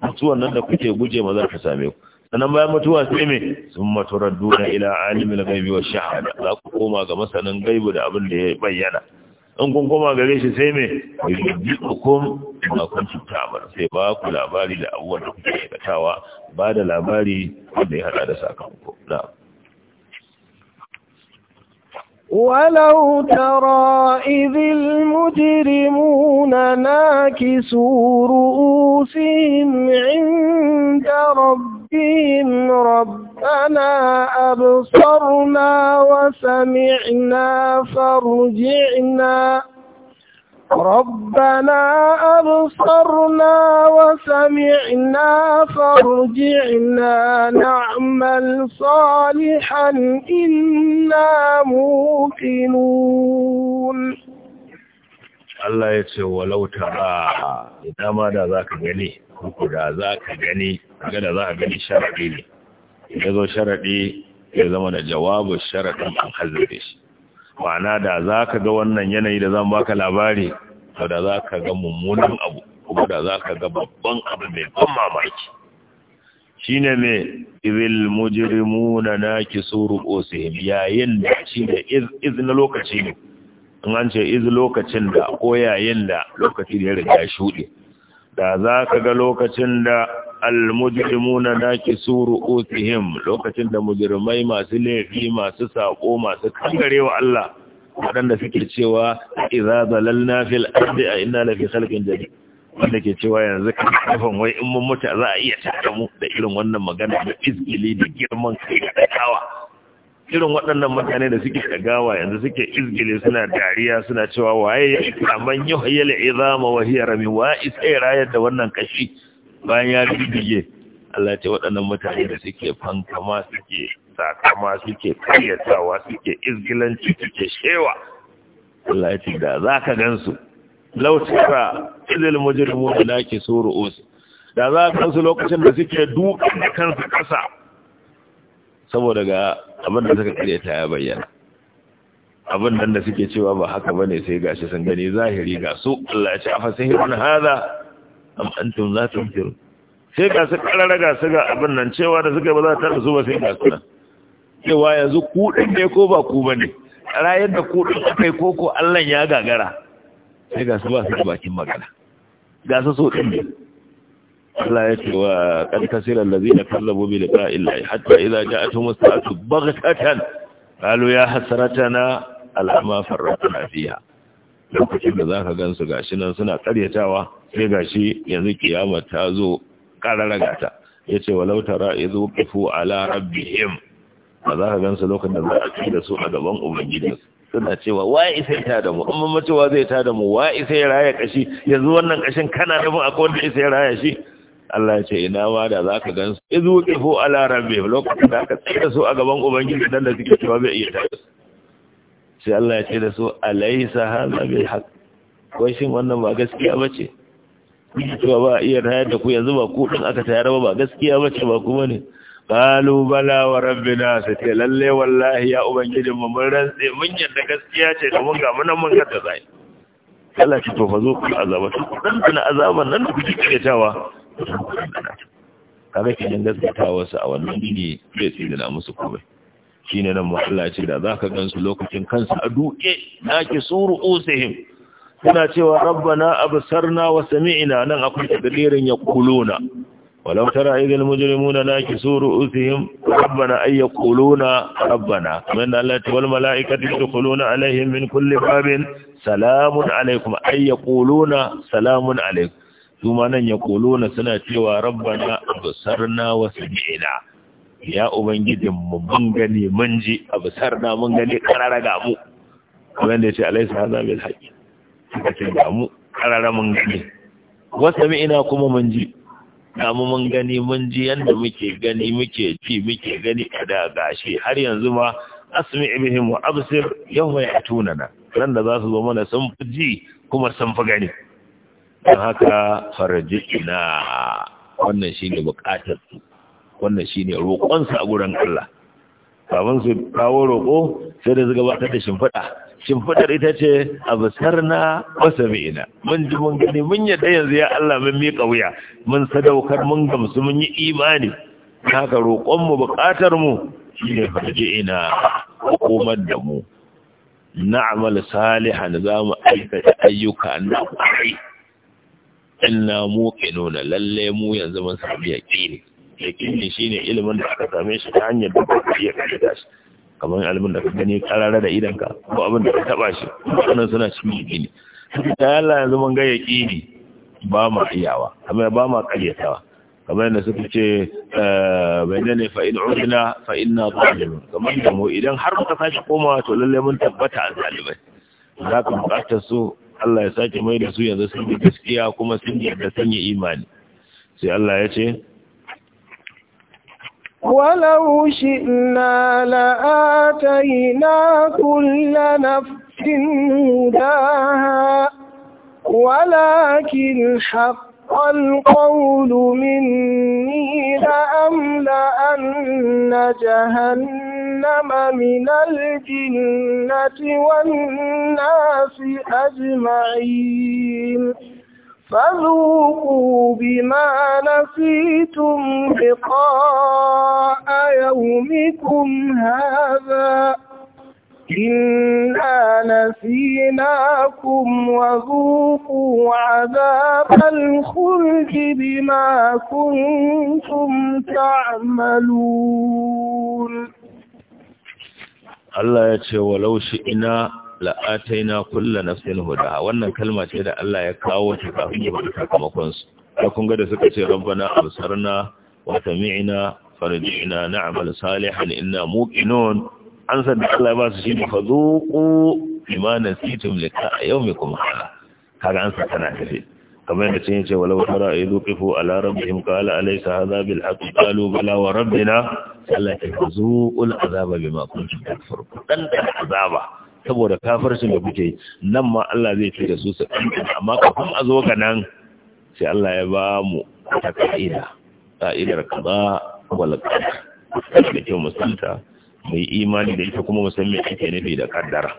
mutuwan nan da kuke guje ma za ta same ku sannan bayan mutuwa sai me thumma turadduna ila alim al-ghaibi wash-shahada za ku koma ga masanin gaibu da abin da ya bayyana in kun koma gare shi sai me yunabbi'ukum bima kuntum ta'mal sai ba ku labari da abubuwan da kuke aikatawa ba da labari wanda ya hada da sakamako na'am ولو ترى إذ المجرمون ناكسوا رؤوسهم عند ربهم ربنا أبصرنا وسمعنا فارجعنا ربنا أبصرنا وسمعنا فارجعنا نعمل صالحا إنا موقنون الله يتسوى ولو ترى إذا ما دا غني da za ka gani ga da za ka gani sharaɗi ne ya zo sharaɗi ya zama da jawabin sharaɗin an hazarde kwana da za ka ga wannan yanayi da zan baka labari to da za ka ga mummunan abu kuma da za ka ga babban abu mai ban mamaki shi ne mai ibil mujirimu na naki suru ya yayin da shi da iz na lokaci ne in an ce iz lokacin da ko yayin da lokaci da ya riga shuɗe da za ka ga lokacin da almujrimuna suru usihim lokacin da mujrimai masu laifi masu sako masu kangarewa Allah wadanda suke cewa idza zalalna fil ardi a inna la fi khalqin jadid wanda ke cewa yanzu kafin wai in mun mutu za a iya tada mu da irin wannan magana da izgili da girman kai da dawa irin waɗannan mutane da suke gawa yanzu suke izgile suna dariya suna cewa waye ya kaman yau hayyala izama wa hiya rami wa isai rayar da wannan kashi bayan ya bibiye Allah ce waɗannan mutane da suke fankama suke sakama suke kayyatawa suke izgilanci suke shewa Allah ya ce da za ka gansu lautara izil mujrimu da lake su ru'us da za ka gansu lokacin da suke duka kansu kasa saboda ga abin da suka ta ya bayyana abin da suke cewa ba haka bane sai gashi sun gani zahiri ga su Allah ya ce afa sihirun hadha am antum la tumkir sai ga su karara ga su ga abin nan cewa da suka ba za ta su ba sai ga su cewa yanzu ku din ne ko ba ku bane rayar da ku din kai ko ko Allah ya gagara sai ga su ba su bakin magana ga su so din ne Allah ya ce wa kan kasira allazina kallabu bi liqa'i Allah hatta a ja'atuhum as-sa'atu baghtatan qalu ya na ala ma farratna fiha lokacin da za zaka gansu gashi nan suna karyatawa sai gashi yanzu kiyama ta zo Ya ce wa walau tara idzu qifu ala rabbihim ba za ka gansu lokacin da za a ci da su a gaban ubangijinsu suna cewa wa isa ta da mu amma mutuwa zai ta da mu isa ya raya ƙashi? yanzu wannan ƙashin kana nufin akwai wanda ya raya shi Allah ya ce ina ma da za ka gan su izu kifo ala rabbi lokacin da aka tsira da su a gaban ubangiji dan da suke cewa bai iya tafi sai Allah ya ce da su alaysa hadha bil haqq ko shin wannan ba gaskiya bace kuke cewa ba iya tayar da ku yanzu ba ku din aka tayar ba ba gaskiya bace ba kuma ne qalu bala wa rabbina sai lalle wallahi ya ubangiji mu mun rantsi mun yarda gaskiya ce da mun ga mun mun kada zai Allah ce to fa zo ku azaba dan tana azaban nan da kike kiyatawa kusan kusan karatu kaga kenan gaskatawa wasu a wannan dini zai da musu komai shi ne nan ma'ala ce da za ka gansu lokacin kansu a duke na ki suru usihim suna cewa rabbana absarna wa sami'na nan akwai na yaquluna walau tara idil mujrimuna la kisuru usihim rabbana ay yaquluna rabbana min allati wal malaikati yadkhuluna alaihim min kulli babin salamun alaikum ay yaquluna salamun alaikum su ma nan ya na suna cewa rabbana absarna wa sami'na ya ubangijin mu mun gani mun ji absarna mun gani karara ga mu kamar da yace za mu yi haqqi suka ce ga mu karara mun gani wa sami'na kuma mun ji ga mu mun gani mun ji yanda muke gani muke ji muke gani a da gashi har yanzu ma asmi bihim wa absir yawma tunana. nan da za su zo mana sun fi ji kuma sun fi gani don haka ina wannan shine bukatar su wannan shine ne roƙonsa a wurin Allah kafin su kawo roƙo sai da suka bata da shimfiɗa shimfiɗar ita ce a basar na wa ina mun ji mun gani mun yadda yanzu ya Allah mun miƙa wuya mun sadaukar mun gamsu mun yi imani haka roƙonmu mu bukatar mu shine ina hukumar da mu na'mal salihan mu aikata ayyuka na kwari inna muqinuna lalle mu yanzu mun sami yaqini yaqini shine ilimin da aka same shi ta hanyar da ka iya kada shi kamar ilimin da ka gani karara da ka ko abin da ka taba shi wannan suna cikin yaqini da Allah yanzu mun ga yaqini ba ma iyawa amma ba ma karyatawa kamar da suka ce bayyane eh, fa'in urina fa'in na zalimin kamar da mu idan har muka sashi komawa to lalle mun tabbata a zalimai za ka bukatar su Allah ya sake mai da su yanzu sun yi gaskiya kuma sun yarda sun yi imani sai Allah ya ce na na na لآتينا كل نفس da walakin حق حق القول مني لأملأن جهنم من الجنة والناس أجمعين فذوقوا بما نسيتم لقاء يومكم هذا إنا نسيناكم وذوقوا عذاب الخلد بما كنتم تعملون الله يتشي ولو شئنا la'ataina kulla nafsin hudaha wannan kalma ce da Allah ya kawo ta kafin ya bada sakamakon su da kun ga da suka ce rabbana absarna wa sami'na farji'na na'mal salihan inna muqinun an san da Allah ba su shi ne fa ko imanan situm lika a yau mai kuma hala kaga an san tana tafi kamar yadda cin yace walau tara ay zuqifu ala rabbihim qala alaysa hadha bil haqq qalu bala wa rabbina Allah ya fazuqul azaba bima kuntum takfurun dan da azaba saboda kafircin da kuke nan ma Allah zai fi da su su amma kafin a zo ga nan sai Allah ya ba mu ta ka'ida ka'idar kaza wal qadar da kyau musanta mai imani da ita kuma musamman ake nufi da kaddara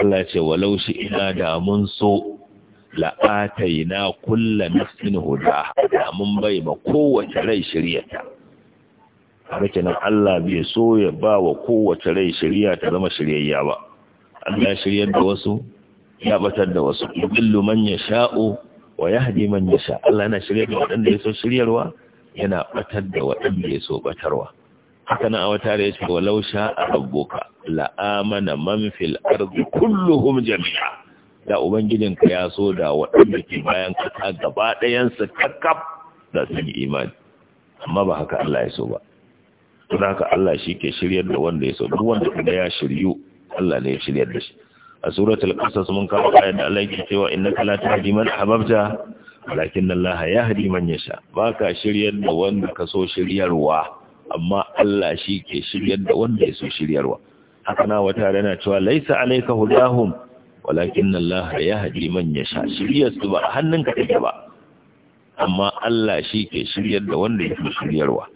Allah ya ce walau shi ina da mun so la'ataina kulla nafsin huda da mun bai ma kowace rai shiryata haka kenan Allah bai so ya ba wa kowace rai shirya ta zama shiryayya ba Allah ya shiryar da wasu ya batar da wasu yubillu man yasha'u wa yahdi man yasha Allah yana shiryar da waɗanda ya so shiryarwa yana batar da waɗanda ya so batarwa haka nan a wata da ya ce walau sha a rabboka la'amana man arzu kulluhum jami'a da ka ya so da waɗanda ke bayan kasa gaba ɗayansu kakkaf da su yi imani amma ba haka Allah ya so ba tun haka Allah shi ke shiryar da wanda ya so duk wanda kuma ya shiryu Allah ne ya shiryar da shi a al qasas mun kawo ayat da Allah ke cewa innaka la tahdi man ahbabta walakin Allah yahdi man yasha ka shiryar da wanda ka so shiryarwa amma Allah shi ke shiryar da wanda ya so shiryarwa haka na wata yana cewa laisa alaika hudahum walakin Allah yahdi man yasha shiryar su ba hannunka take ba amma Allah shi ke shiryar da wanda ya so shiryarwa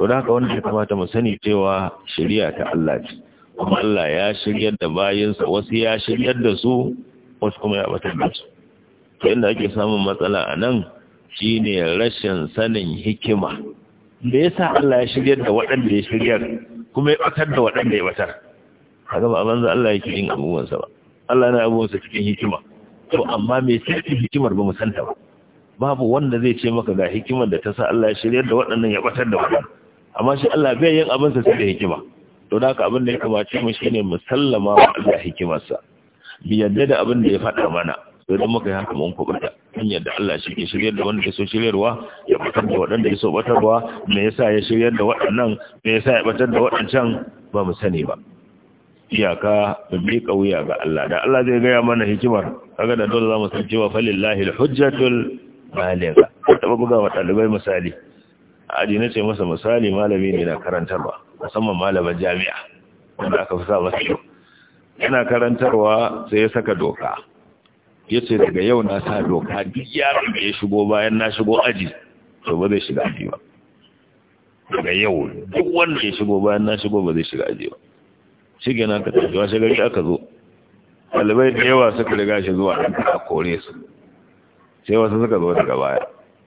don haka wanda ya kamata mu sani cewa shiriya ta Allah ce kuma Allah ya shiryar da bayinsa wasu ya shiryar da su wasu kuma ya batar da su to inda ake samun matsala a nan shine rashin sanin hikima me ya sa Allah ya shirya da waɗanda ya shirya kuma ya batar da waɗanda ya batar haka ba banza Allah yake yin abubuwansa ba Allah na abubuwansa cikin hikima to amma me sai hikimar ba mu santa ba babu wanda zai ce maka ga hikimar da ta sa Allah ya shirya da waɗannan ya batar da waɗannan amma shi Allah bai yin abin sa sai da hikima to da haka abin da ya kamace mu shine mu sallama wa Allah hikimarsa bi yadda da abin da ya faɗa mana sai idan muka yi haka mun kubuta hanyar da Allah shi ke shiryar da wanda ke so shiryarwa ya fitar da waɗanda ya so batarwa me yasa ya shiryar da waɗannan me yasa ya batar da waɗancan ba mu sani ba iyaka da bi wuya ga Allah da Allah zai gaya mana hikimar kaga da dole za mu san cewa falillahi alhujjatul baligha ko taba buga wa ɗalibai misali aji na ce masa misali malami ne na karantarwa musamman malaman jami'a wanda aka fi sa masa yana karantarwa sai ya saka doka ya ce daga yau na sa doka duk yaron da ya shigo bayan na shigo aji to ba zai shiga aji ba daga yau duk wanda ya shigo bayan na shigo ba zai shiga aji ba shi ke nan ka tafi washe gari aka zo ɗalibai da yawa suka riga shi zuwa ɗan a kore su sai wasu suka zo daga baya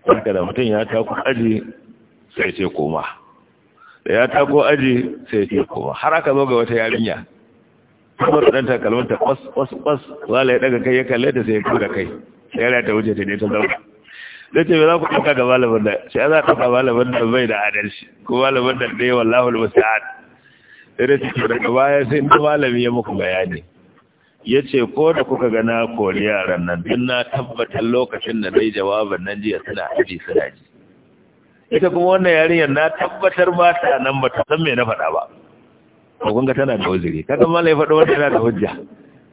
haka da mutum ya tako aji sai ce koma da ya tako aji sai ce koma har aka zo ga wata yarinya kamar da ɗanta kalmanta kwas kwas kwas wala ya ɗaga kai ya kalle ta sai ya kura kai sai ya ta wuce ta ne ta zama. zai ce za ku ɗauka ga malamin da sai za a ɗauka malamin da bai da adalci ko malamin da ɗaya wallahul musa'ad sai da suke daga baya sai na malami ya muku bayani ya ce ko da kuka gana kori yaran nan duk na tabbatar lokacin da na yi jawabin nan jiya suna aji suna ji ita kuma wannan yarinyar na tabbatar ba ta nan ba ta san me na faɗa ba kunga tana da uzuri kaga mallai faɗo wannan yana da hujja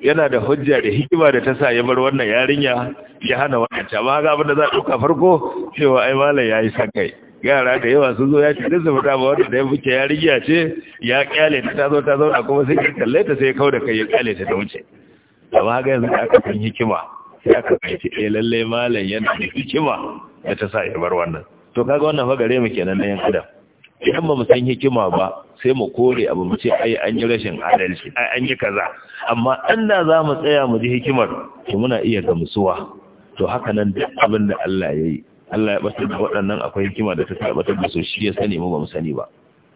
yana da hujja da hikima da ta sa ya bar wannan yarinya ya hana wannan ta ma ga abin da za a ɗauka farko cewa ai mallai yayi sakai yara da yawa sun zo ya ce da zuba ba wanda da ya buke yarinya ce ya kyale ta zo ta zauna kuma sai ya kalle ta sai ya kau da kai ya kyale ta ta wuce amma ga yanzu da aka san hikima sai aka fahimci eh lalle malam yana da hikima da ta sa ya bar wannan to kaga wannan fa gare mu kenan na yan adam idan ba mu san hikima ba sai mu kore abu mu ce ai an yi rashin adalci ai an yi kaza amma da za mu tsaya mu ji hikimar to muna iya gamsuwa to haka nan duk abin da Allah ya yi Allah ya bata da waɗannan akwai hikima da ta tabbatar da su shi ya sani mu ba mu sani ba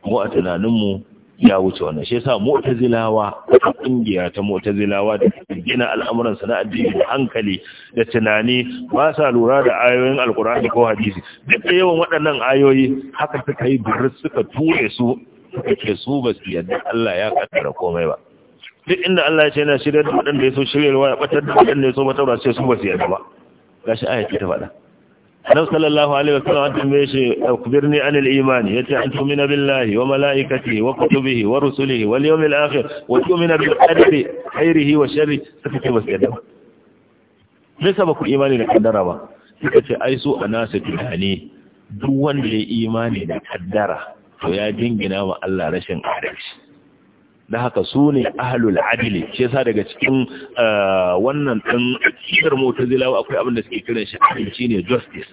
mu a tunaninmu ya wuce wannan shi yasa mu'tazilawa ta kungiya ta mu'tazilawa da gina al'amuran sana addini da hankali da tunani ba sa lura da ayoyin alkur'ani ko hadisi duk da yawan waɗannan ayoyi haka suka yi birr suka ture su suka su ba su yadda Allah ya kaddara komai ba duk inda Allah ya ce yana shirya da waɗanda ya so shiryarwa ya batar da waɗanda ya so batarwa sai su ba su yadda ba gashi aya ce ta faɗa Annabi sallallahu alaihi wa wasallam an tambaye shi akbirni anil iman yace an tu'mina billahi wa malaikatihi wa kutubihi wa rusulihi wal yawmil akhir wa tu'mina bil qadri khairihi wa sharri suka ce ba su yadda ba me sa ba ku imani da kaddara ba suka ce ai su anasa tunani duk wanda ya imani da kaddara to ya jingina wa Allah rashin adalci da haka su ne ahlul adili shi yasa daga cikin uh, wannan din motar zilawa akwai abin da suke kiran shi adalci ne justice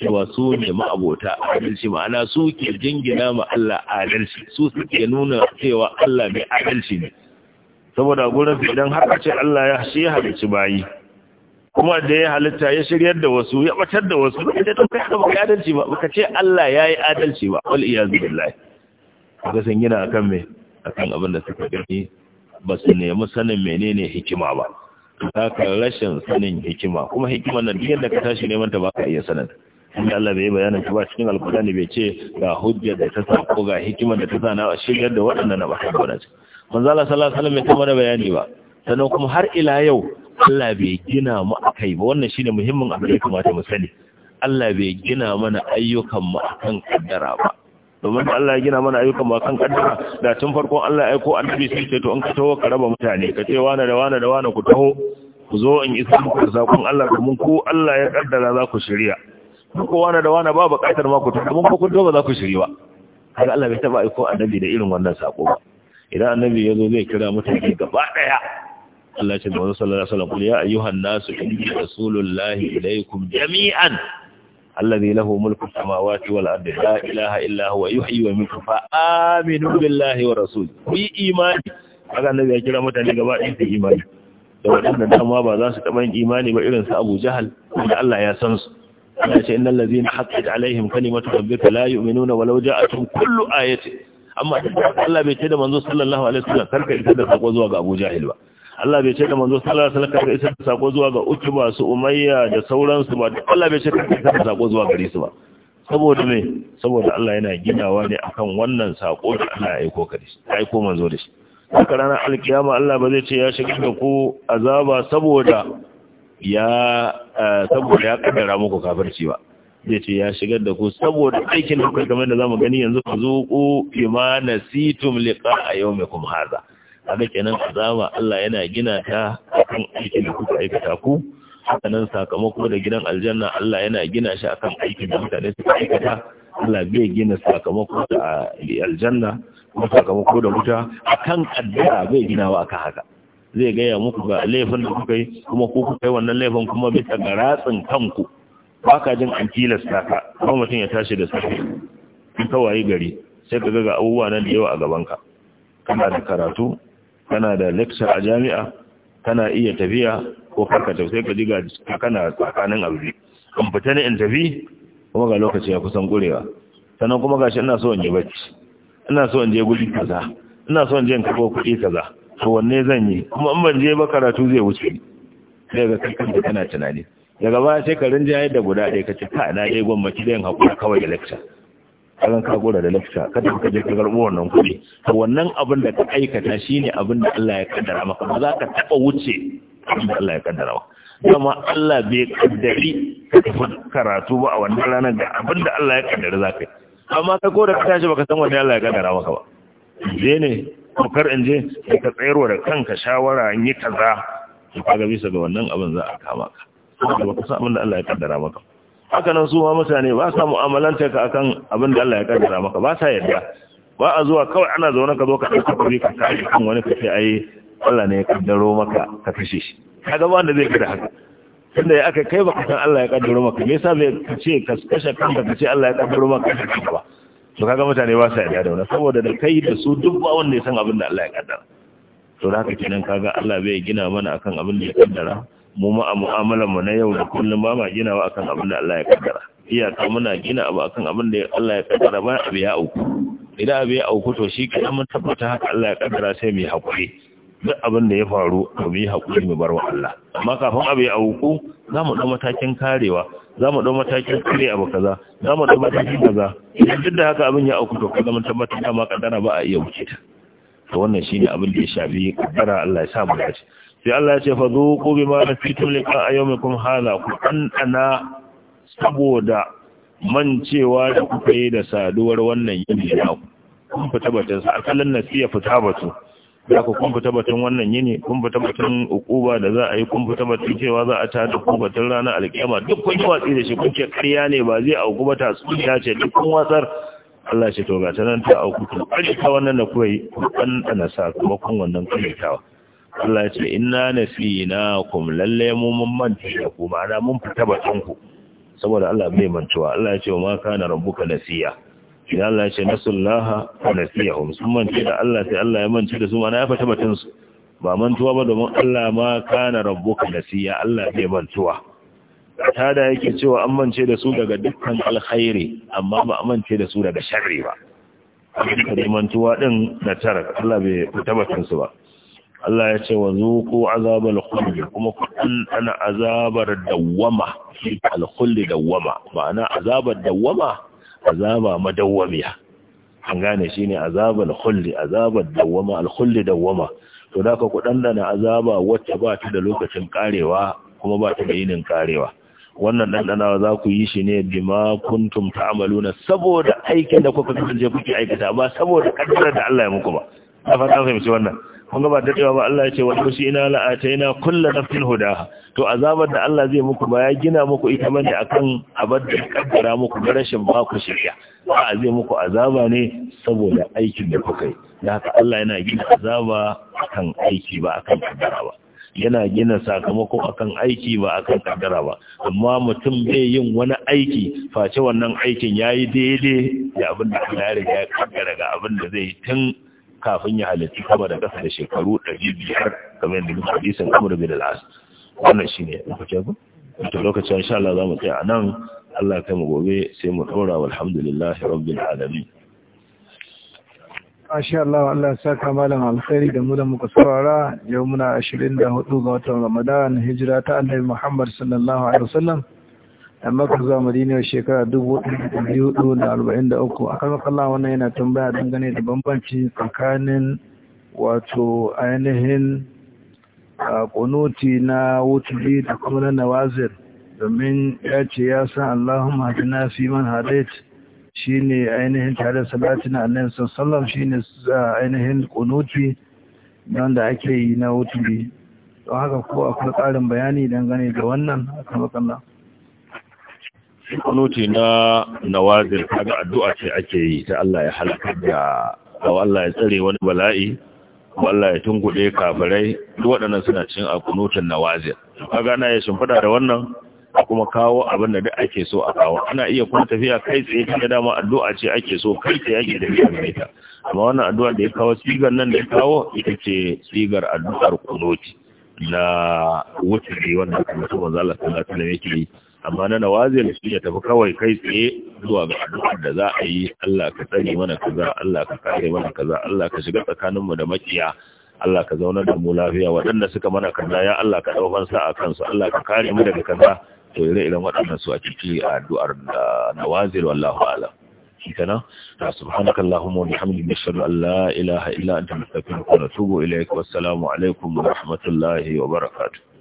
cewa su ne ma'abota adalci ma'ana su ke jingina ma Allah adalci su suke nuna cewa Allah mai adalci ne saboda gurin idan har ce Allah ya shi halicci bayi kuma da ya halitta ya shiryar da wasu ya batar da wasu ba da kai haka baka adalci ba baka ce Allah ya yi adalci ba wal iyazu billahi ga san gina akan me akan abin da suka gani ba su nemi sanin menene hikima ba haka rashin sanin hikima kuma hikiman nan duk da ka tashi neman ta baka iya sanin da Allah bai bayanin ta ba cikin alkurani bai ce ga hujja da ta sa ko ga hikiman da ta sa na shiryar da waɗannan na ba ta gwada manzo Allah sallallahu alaihi wasallam bai ta mana bayani ba sannan kuma har ila yau Allah bai gina mu a kai ba wannan shine muhimmin abu da kamata mu sani Allah bai gina mana ayyukan mu akan kaddara ba domin Allah ya gina mana ayyukan mu akan kaddara da tun farkon Allah ya aiko annabi sai ce to an ka taho ka raba mutane ka ce wani da wani da wani ku taho ku zo in isa muku zakon Allah domin ko Allah ya kaddara za ku shirya ko wani da wani ba buƙatar ma ku taho domin ko kun taho ba za ku shirya ba har Allah bai taba aiko annabi da irin wannan sako ba idan annabi ya zo zai kira mutane gaba daya Allah ce da wani sallallahu alaihi wasallam ya ayyuhan nasu inni rasulullahi ilaikum jami'an alladhi lahu mulku samawati wal ardi la ilaha illa huwa yuhyi wa yumiitu fa aminu billahi wa rasulihi ku yi imani kaga annabi ya kira mutane gaba ɗaya su imani da waɗannan dama ba za su taɓa yin imani ba irin su Abu Jahal wanda Allah ya san su Allah ce innal ladhina haqqat alaihim kalimatu rabbika la yu'minuna walau ja'atuhum kullu ayati amma Allah bai ce da manzo sallallahu alaihi wasallam karka ita da sako zuwa ga Abu Jahil ba Allah bai ce da manzo sallallahu alaihi wasallam ka isar da sako zuwa ga Utba su Umayya da sauransu ba Allah bai ce ka isar da sako zuwa gare su ba saboda me saboda Allah yana ginawa ne akan wannan sako da Allah ya aiko ka shi shi aiko manzo da shi haka ranar alkiyama Allah ba zai ce ya shiga da ku azaba saboda ya eh, saboda ya kaddara muku kafirci ba zai ce ya shigar da ku saboda aikin da kuka game da zamu gani yanzu ku zuku bima nasitum liqa yawmikum hadha kaga kenan azaba Allah yana gina ta akan aikin da kuka aikata ku haka nan sakamako da gidan aljanna Allah yana gina shi akan aikin da mutane suka aikata Allah zai gina sakamako da aljanna kuma sakamako da wuta akan kaddara bai ginawa akan haka zai gaya muku ga laifin da kuka yi kuma ku kuka yi wannan laifin kuma bai ta garatsin kanku ba ka jin an tilasta ka kuma mutum ya tashi da safe in ka gari sai ka ga abubuwa nan da yawa a gabanka kana da karatu kana da lecture a jami'a kana iya tafiya ko farka tausai ka diga kana tsakanin abu in fita ne in tafi kuma ga lokaci ya kusan kurewa sannan kuma gashi ina so in yi bacci ina so in je guri kaza ina so in je in karbo kuɗi kaza to wanne zan yi kuma in ban je ba karatu zai wuce ni sai ga kankan da kana tunani daga baya sai ka rinja yadda guda ɗaya ka ce ka na dai gwamnati da yin haƙura kawai da lecture karan ka gora da lafiya kada ka je ka garbo wannan kuɗi to wannan abin da ka aikata shine abin da Allah ya kaddara maka ba za ka taba wuce abin da Allah ya kaddara ba kuma Allah bai kaddari ka tafi karatu ba a wannan ranar da abin da Allah ya kaddara za ka yi amma ka ko ka tashi baka san wanda Allah ya kaddara maka ba je ne ko kar in je sai ka tsayarwa da kanka shawara in yi kaza ka ga bisa ga wannan abin za a kama ka ba ka san abin da Allah ya kaddara maka ba haka nan su ma mutane ba sa mu'amalanta ka akan abin da Allah ya kaddara maka ba sa yadda. ba a zuwa kawai ana zaune ka zo ka ɗauka kuri ka ta kan wani ka ce ai Allah ne ya kaddaro maka ka kashe shi kaga ba wanda zai kada haka tunda ya aka kai baka san Allah ya kaddaro maka me yasa bai kace ka kashe kanka kace Allah ya kaddaro maka kashe ba to kaga mutane ba sa yadda da wannan saboda da kai da su duk ba wanda ya san abin da Allah ya kaddara to da haka kenan kaga Allah bai gina mana akan abin da ya kaddara mu ma a mu'amalar mu na yau da kullum ba ma ginawa akan abin da Allah ya kaddara iyaka muna gina abu akan abin da Allah ya kaddara ba abu ya auku idan abu ya auku to shi kadan mun tabbata haka Allah ya kaddara sai mu yi hakuri duk abin da ya faru to mu yi hakuri mu bar wa Allah amma kafin abu ya auku za mu dau matakin karewa za mu dau matakin kare abu kaza za mu dau matakin kaza idan duk da haka abin ya auku to kuma mun tabbata ma kaddara ba a iya wuce ta to wannan shine abin da ya shafi kaddara Allah ya sa mu dace sai Allah ya ce fa zuqu bima nafitum liqa ayyukum hala ku ana saboda man cewa da kuka yi da saduwar wannan yini na ku kun fita batun sa akalan nasiya fita batu da ku kun fita batun wannan yini kun fita batun ukuba da za a yi kun fita batun cewa za a tada ku batun ranar alkiyama duk kun yi watsi da shi kun ce ƙarya ne ba zai a ba ta ya ce duk kun watsar Allah ce to ga ta nan ta auku kun ta wannan da kuka yi kun ɗanɗana sakamakon wannan karyatawa Allah ce inna nasinakum lalle mu mun manta da ku ma'ana mun fita batun ku saboda Allah bai mantuwa Allah ya ce ma kana rabbuka nasiya idan Allah ce nasullaha wa nasiyahum sun manta da Allah sai Allah ya manta da su ma'ana ya fita batun su ba mantuwa ba domin Allah ma kana rabbuka nasiya Allah bai mantuwa ta da yake cewa an mance da su daga dukkan alkhairi amma ba mance da su daga sharri ba. Abin mantuwa din na tara Allah bai batun su ba. Allah ya ce wa zuku azabal khuldi kuma ku ana azabar dawwama al khuldi dawwama ma'ana azabar dawwama azaba madawwamiya an gane shine al khuldi azabar dawwama al khuldi dawwama to da ka ku dandana azaba wacce ba ta da lokacin karewa kuma ba ta da yinin karewa wannan dandanawa za ku yi shi ne bima kuntum ta'maluna saboda aikin da kuka kasance kuke aikata ba saboda kaddara da Allah ya muku ba a fata fahimci wannan kun ga ba daɗewa ba Allah ya ce wato shi ina kulla kullu nafsin hudaha to azabar da Allah zai muku ba ya gina muku ita da akan abar da kaddara muku da rashin ba ku shirya ba zai muku azaba ne saboda aikin da kuka yi da haka Allah yana gina azaba akan aiki ba akan kaddara ba yana gina sakamako akan aiki ba akan kaddara ba amma mutum bai yin wani aiki face wannan aikin yayi daidai da abin da Allah ya riga ya kaddara ga abin da zai tun kafin ya halarci sama da kasa da shekaru 500 kamar yadda muka hadisin Amr bin al-As wannan shine lokacin ku to lokacin insha Allah zamu tsaya anan Allah ya mu gobe sai mu dora walhamdulillahi rabbil alamin Masha Allah Allah ya saka malam alkhairi da mu da muka saurara yau muna 24 ga watan Ramadan hijira ta Annabi Muhammad sallallahu alaihi wasallam A maka zuwa madina shekara dubu biyu da da uku a kan kallon wannan yana tambaya dangane da bambanci tsakanin wato ainihin kunuti na wutubi da kuma na nawazir domin ya ce ya san allahumma hadina fi man shi shine ainihin tare salatin annabi sallallahu shine ainihin kunuti don da ake yi na wutubi, don haka ko akwai ƙarin bayani dangane da wannan a akan kallon kunuti na nawazir kaga addu'a ce ake yi ta Allah ya halaka da ko Allah ya tsare wani bala'i ko Allah ya tungude kafirai duk waɗannan suna cin a kunutin nawazir kaga na ya shimfida da wannan kuma kawo abin da duk ake so a kawo ana iya kuma tafiya kai tsaye ta dama addu'a ce ake so kai tsaye ake da ita amma wannan addu'a da ya kawo sigar nan da ya kawo ita ce sigar addu'ar kunuti na wuce wannan kuma manzo Allah sallallahu alaihi wasallam yake amma na nawazil shi ya tafi kawai kai tsaye zuwa ga addu'ar da za a yi Allah ka tsare mana kaza Allah ka kare mana kaza Allah ka shiga tsakaninmu da makiya Allah ka zaunar da mu lafiya waɗanda suka mana kaza ya Allah ka ɗaufan sa a kansu Allah ka kare mu daga kaza to ire iren waɗannan su a ciki a addu'ar da nawazil wallahu a'lam kenan subhanaka allahumma wa bihamdika nashhadu an la ilaha illa anta nastaghfiruka wa natubu wa rahmatullahi wa barakatuh